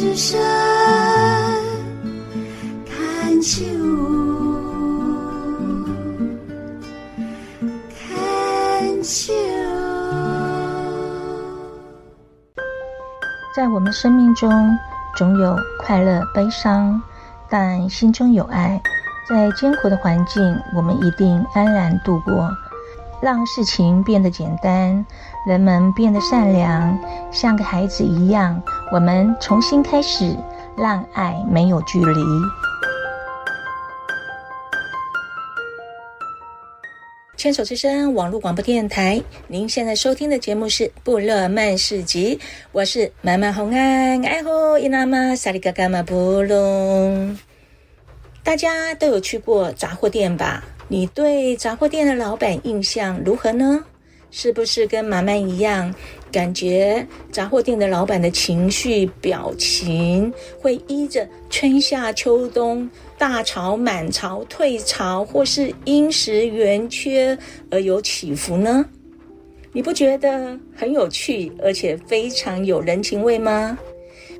只剩看秋，看秋。在我們生命中，總有快樂、悲傷，但心中有愛，在艱苦的環境，我們一定安然度過。讓事情變得簡單，人們變得善良，像個孩子一樣，我們重新開始，讓愛沒有距離。牽手之聲網絡廣播電台，您現在收聽的節目是部落漫市集，我是馬漫紅安愛護伊娜瑪薩里嘎嘎瑪布隆。大家都有去過雜貨店吧？你對雜貨店的老闆印象如何呢？是不是跟馬漫一樣，感覺雜貨店的老闆的情緒表情會依着春夏秋冬、大潮滿潮退潮，或是陰時圓缺而有起伏呢？你不覺得很有趣，而且非常有人情味嗎？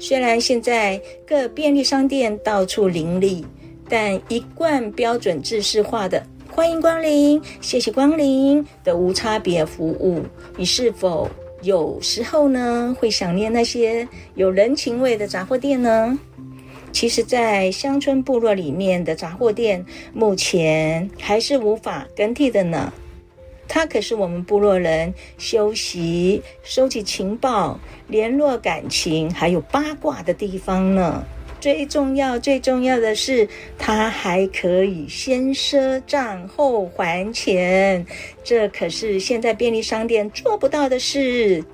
雖然現在各便利商店到處林立，但一貫標準制式化的。歡迎光臨，謝謝光臨的無差別服務。你是否有時候呢，會想念那些有人情味的雜貨店呢？其實，在鄉村部落裡面的雜貨店，目前還是無法更替的呢。它可是我們部落人休息、收集情報、聯絡感情還有八卦的地方呢。最重要、最重要的是，他還可以先賒賬後還錢，這可是現在便利商店做不到的事。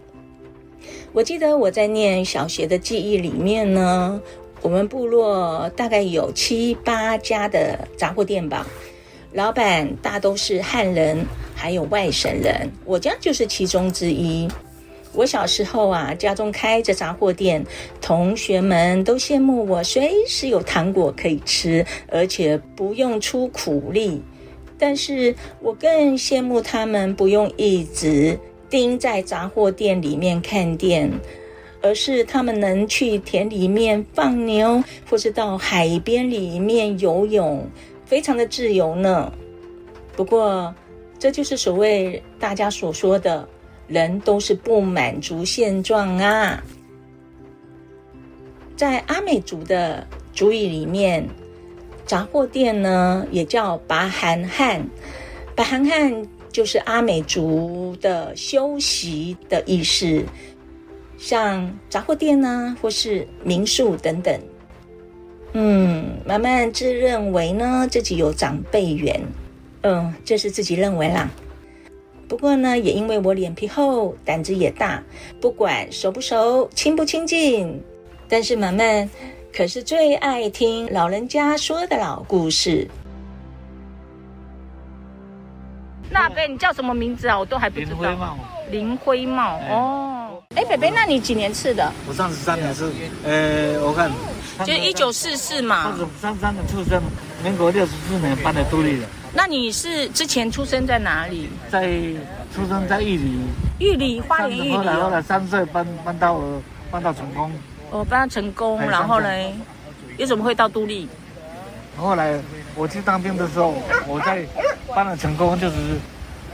我記得我在念小學的記憶裡面呢，我們部落大概有七八家的雜貨店吧，老闆大都是漢人，還有外省人，我家就是其中之一。我小時候啊，家中開着雜貨店，同學們都羨慕我，隨時有糖果可以吃，而且不用出苦力。但是我更羨慕他們不用一直盯在雜貨店裡面看店，而是他們能去田裡面放牛，或是到海邊裡面游泳，非常的自由呢。不過，這就是所謂大家所說的。人都是不滿足現狀啊！在阿美族的族語裡面，雜貨店呢也叫拔寒“拔寒漢”，“拔寒漢”就是阿美族的休息的意思，像雜貨店呢，或是民宿等等。嗯，馬漫自認為呢，自己有長輩緣，嗯，這是自己認為啦。不過呢，也因為我臉皮厚，膽子也大，不管熟不熟，親不親近，但是萌萌可是最愛聽老人家說的老故事。那伯，你叫什麼名字啊？我都還不知道。林輝茂。林輝茂哦。哎，伯伯，那你幾年次的？我三十三年次呃、欸，我看，就是一九四四嘛。三十三的出生，民國六十四年搬到都歷的。那你是之前出生在哪裡？在出生在玉里。玉里花蓮玉里。啊，後來三歲搬搬到搬到成功。我、哦、搬到成功，哎、然後呢？為什麼會到都歷？後來我去當兵的時候，我在搬到成功就是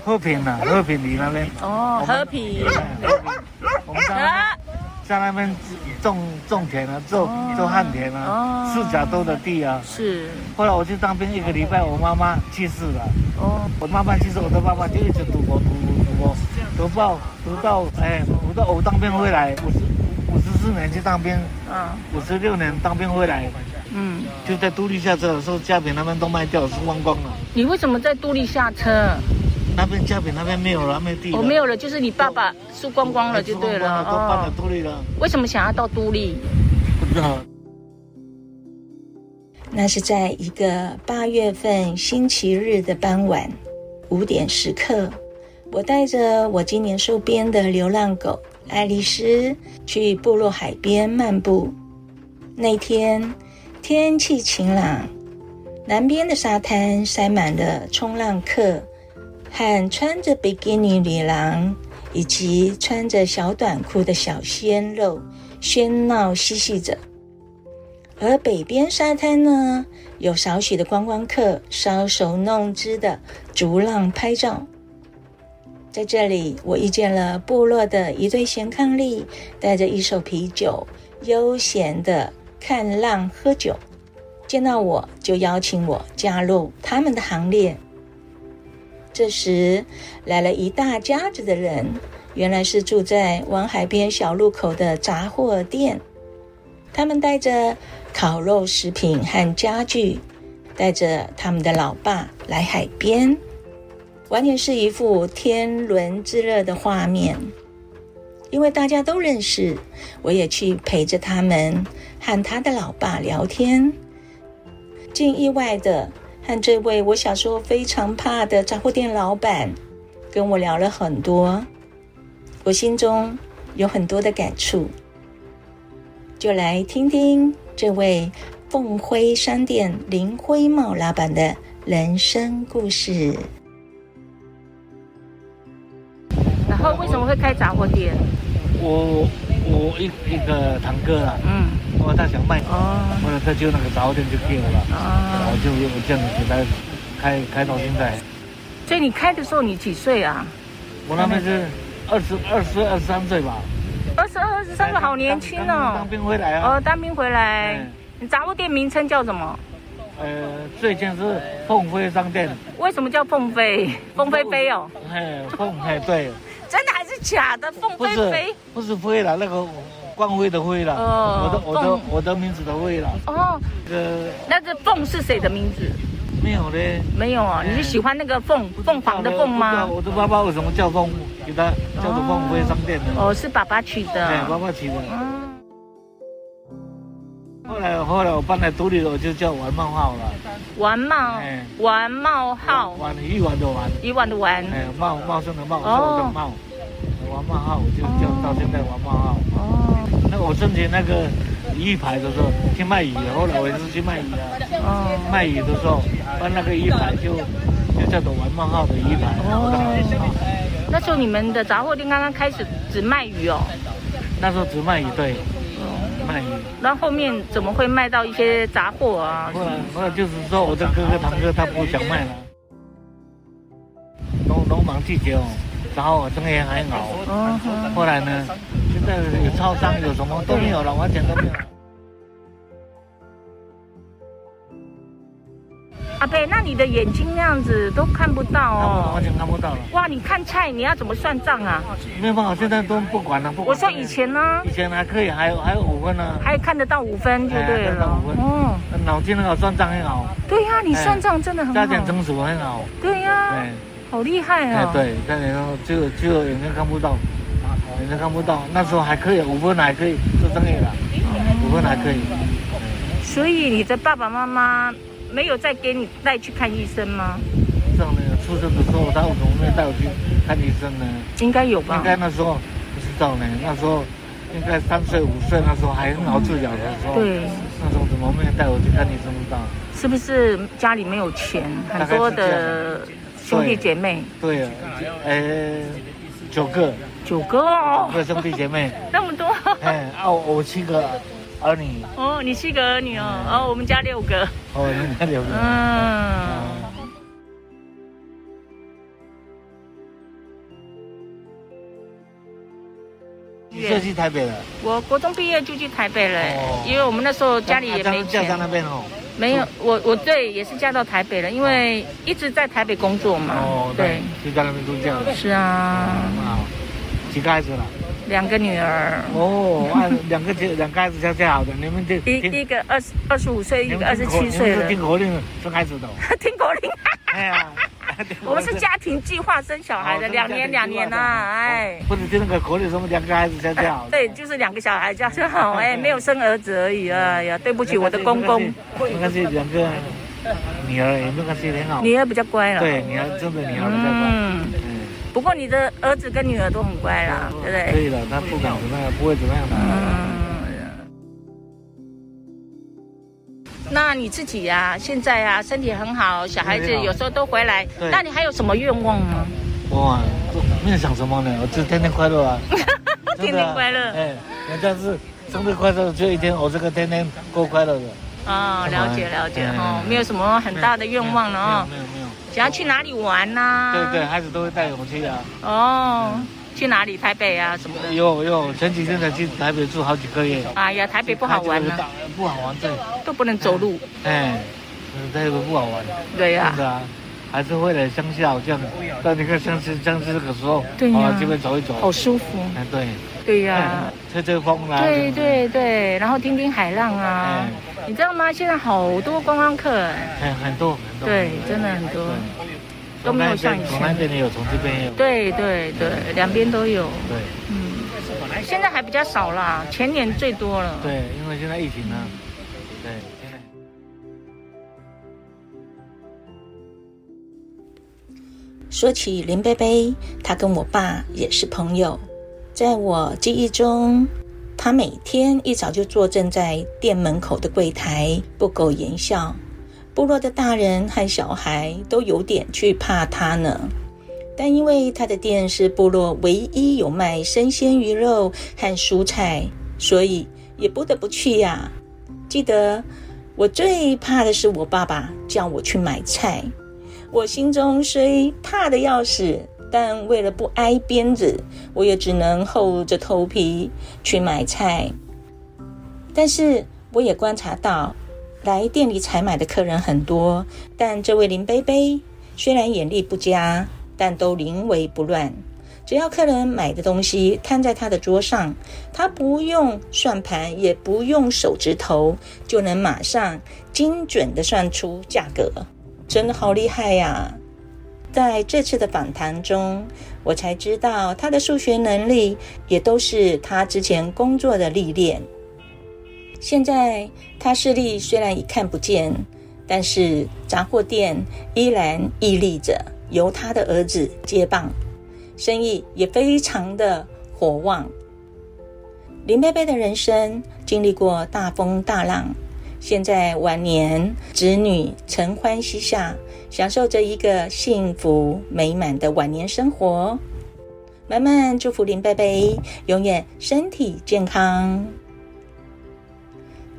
和平了、啊，和平里那邊。哦，和平、哎，和平。在那邊種種田啊，做做旱田啊，哦、四甲洲的地啊。是。後來我去當兵一個禮拜，我媽媽去世了。哦。我媽媽去世，我的爸爸就一直賭博，賭博賭博，賭博，讀到哎，我、欸、到我當兵回來，五十五十四年去當兵，嗯，五十六年當兵回來，嗯，就在都歷下車的時候，家裡那邊都賣掉了輸光光了。你為什麼在都歷下車？那邊嘉北那邊沒有了，沒地。我、哦、沒有了，就是你爸爸輸、哦、光，光，光光了，就對了。輸光了，都立了。為什麼想要到都立？不知道。那是在一個八月份星期日的傍晚，五點時刻，我帶着我今年收編的流浪狗愛麗絲去部落海邊漫步。那天天氣晴朗，南邊的沙灘塞滿了衝浪客。和穿着比基尼女郎以及穿着小短褲的小鮮肉喧鬧嬉戲着，而北邊沙灘呢，有少許的觀光客搔首弄姿的逐浪拍照。在這裡，我遇見了部落的一對賢伉儷，帶着一手啤酒，悠閒的看浪喝酒，見到我就邀請我加入他們的行列。這時，來了一大家子的人，原來是住在往海邊小路口的雜貨店。他們帶着烤肉食品和家具，帶着他們的老爸來海邊，完全是一幅天倫之樂的畫面。因為大家都認識，我也去陪着他們，和他的老爸聊天，竟意外的。看這位我小時候非常怕的雜貨店老闆，跟我聊了很多，我心中有很多的感觸，就來聽聽這位鳳輝商店林輝茂老闆的人生故事。然後為什麼會開雜貨店？我我一一個堂哥啊，嗯。哦，他想賣哦，我他就那個雜貨店就給我了啊、哦、然後就又這樣子來開開到現在。所以你開的時候你幾歲啊？我那邊是二十二二十三歲吧。二十二、二十三歲好年輕哦。當兵回來啊？哦、呃，當兵回來。欸、你雜物店名稱叫什麼？呃、欸，最近是鳳飛商店。為什麼叫鳳飛？鳳是飛飛哦？欸、嘿，鳳嘿，對。真的還是假的？鳳飛飛不？不是飛了那個。光輝的輝啦，我的我的我的名字的輝啦哦。呃，那個鳳是誰的名字？沒有嘞，沒有啊。你是喜歡那個鳳鳳凰的鳳嗎？對，我的爸爸為什麼叫鳳？給他叫做鳳輝商店的。哦，是爸爸取的。對，爸爸取的。後來後來我搬來都歷了，我就叫丸茂號了。丸茂，丸茂號。丸一丸的丸，一丸的丸。哎，茂茂盛的茂，茂盛的茂。丸茂號，我就叫到現在丸茂號。那我掙錢那個一排的時候去賣魚，後來我也是去賣魚啊。哦、賣魚的時候換那個一排就就叫做丸茂號的一排。哦，剛剛那時候你們的雜貨店剛剛開始只賣魚哦。那時候只賣魚，對。哦、賣魚。那後，後面怎麼會賣到一些雜貨啊？不，不，就是說我的哥哥堂哥他不想賣了。農農忙季節哦，然後掙錢還熬。哦。後來呢？這有超商，有什麼都沒有了，完全都沒有。 阿伯，那你的眼睛那樣子都看不到哦？完全看，看不到了。哇，你看菜，你要怎麼算賬啊？嗯？沒辦法，現在都不管了，不。管。我說以前呢，以前還可以，還有還有五分呢，啊，還看得到五分就對了。哎，五分，嗯，哦，腦筋很好，算賬很好。對呀，啊，你算賬真的很好。加減，哎，乘除很好。對呀，啊，哎，好厲害啊，哦！哎，對，現在就就眼睛看不到。人家看不到，那時候還可以，五分奶還可以做生意的，五分還可以。所以你的爸爸媽媽沒有再給你帶去看醫生嗎？不知道出生的時候他為什麼沒有帶我去看醫生呢。應該有吧？應該那時候不知道呢，那時候應該三歲五歲那時候還咬住咬的時候，嗯、對、嗯，那時候怎麼沒有帶我去看醫生不知道？是不是家裡沒有錢？很多的兄弟姐妹，對，呃，欸、九個。九個哦，九個兄弟姐妹，那麼多。哎，哦，我七個兒女。哦，你七個兒女哦。哦，我們家六個。哦，你家六個。嗯。你是去台北了？我國中畢業就去台北了，因為我們那時候家裡也沒錢。嫁到那邊哦？沒有，我我對，也是嫁到台北了，因為一直在台北工作嘛。哦，對，就在那邊度假。是啊。幾個孩子了？兩個女兒。哦，兩個兩兩個孩子家最好的，你們就一一個二十二十五歲，一個二十七歲了。聽口令生開始的。 聽口國令林。哎呀，我們是家庭計劃生小孩的，兩好年兩年了，哎、哦。不是聽那個口令，生兩個孩子家最好。 對，就是兩個小孩家最好，哎，沒有生兒子而已，哎呀，對不起我的公公。應該是兩個女兒，兩個是挺好。女兒比較乖了。對，女兒真的，女兒比較乖。嗯。不過你的兒子跟女兒都很乖啦，對不對？對了，他不敢怎麼樣，不會怎麼樣的嗯。嗯，那你自己呀、啊，現在呀、啊，身體很好，小孩子有時候都回來。那你還有什麼願望嗎？哇、哦，我沒有想什麼呢，我就天天快樂啊。 天天快樂。啊、哎，人家是生日快樂就一天，我這個天天過快樂的。哦、啊了，了解了解、哎、哦，沒有什麼很大的願望了啊、哦。想要去哪裡玩呢、啊？對對，孩子都會帶我們去啊。哦，嗯、去哪裡？台北啊什麼的。有有、呃呃，前幾天才去台北住好幾個月。哎、啊、呀，台北不好玩了、啊。不好玩，對。都不能走路哎。哎，台北不好玩。對呀、啊。是啊，還是回來鄉下好，我這樣。但你看，鄉下鄉下這個時候，對啊，啊，這邊走一走，好舒服。哎、嗯，對。對呀，吹吹風啦。對對對，然後聽聽海浪啊，嗯、你知道嗎？現在好多觀光客、欸。很很多很多。很多對，真的很多，從這都沒有像以前。那邊也有，從這邊也有。對對對，兩邊都有。對，嗯，現在還比較少啦，前年最多了。對，因為現在疫情呢對。現在說起林伯伯，他跟我爸也是朋友。在我記憶中，他每天一早就坐鎮在店門口的櫃台，不苟言笑。部落的大人和小孩都有點懼怕他呢。但因為他的店是部落唯一有賣生鮮魚肉和蔬菜，所以也不得不去呀、啊。記得我最怕的是我爸爸叫我去買菜，我心中雖怕得要死。但為了不挨鞭子，我也只能厚着頭皮去買菜。但是我也觀察到，來店裡採買的客人很多，但這位林貝貝雖然眼力不佳，但都臨危不亂。只要客人買的東西攤在他的桌上，他不用算盤，也不用手指頭，就能馬上精準的算出價格，真的好厲害呀、啊！在這次的訪談中，我才知道他的數學能力也都是他之前工作的歷練。現在他視力雖然已看不見，但是雜貨店依然屹立着，由他的兒子接棒，生意也非常的火旺。林伯伯的人生經歷過大風大浪，現在晚年子女承歡膝下。享受着一個幸福美滿的晚年生活，馬漫祝福林伯伯永遠身體健康。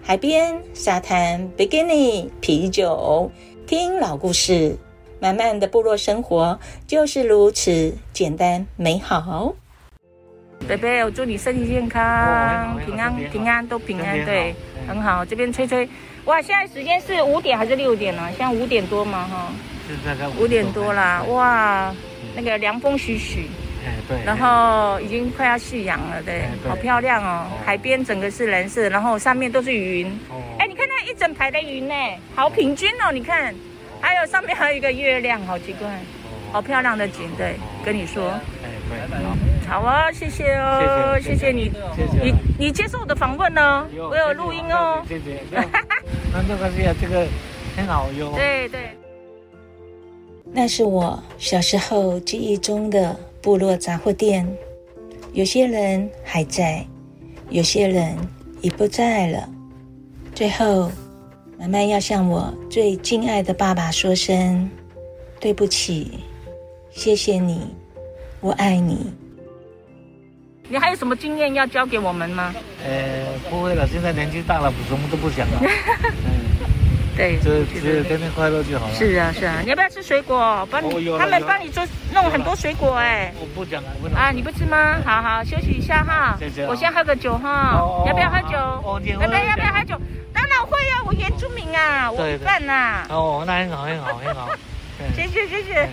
海邊沙灘，比基尼，啤酒，聽老故事，馬漫的部落生活就是如此簡單美好。伯伯，我祝你身體健康，哦、平安平安都平安，對，對很好。這邊吹吹。哇，現在時間是五點還是六點啊？現在五點多嘛，哈，五點多啦。哇，那個涼風徐徐，哎對，然後已經快要夕陽了，對，好漂亮哦，海邊整個是藍色，然後上面都是雲。哎，你看那一整排的雲呢，好平均哦，你看，還有上面還有一個月亮，好奇怪，好漂亮的景，對，跟你說，哎，拜拜。好啊，謝謝哦，謝謝、謝謝你，謝謝你你接受我的訪問呢、哦？有我有錄音哦。謝謝，哈哈，那這個是這個很好用。對對。那是我小時候記憶中的部落雜貨店，有些人還在，有些人已不在了。最後，馬漫要向我最敬愛的爸爸說聲對不起，謝謝你，我愛你。你還有什麼經驗要教給我們嗎？呃，不會了，現在年紀大了，什麼都不想了。嗯，對，就只天天快樂就好了。是啊，是啊，你要不要吃水果？幫你他們幫你做弄很多水果哎。我不講了，不講了。啊，你不吃嗎？好好休息一下哈。謝謝。我先喝個酒哈。要不要喝酒？要不要要不要喝酒？當然會啊，我原住民啊，我很乾吶。哦，那很好很好很好。謝謝謝謝。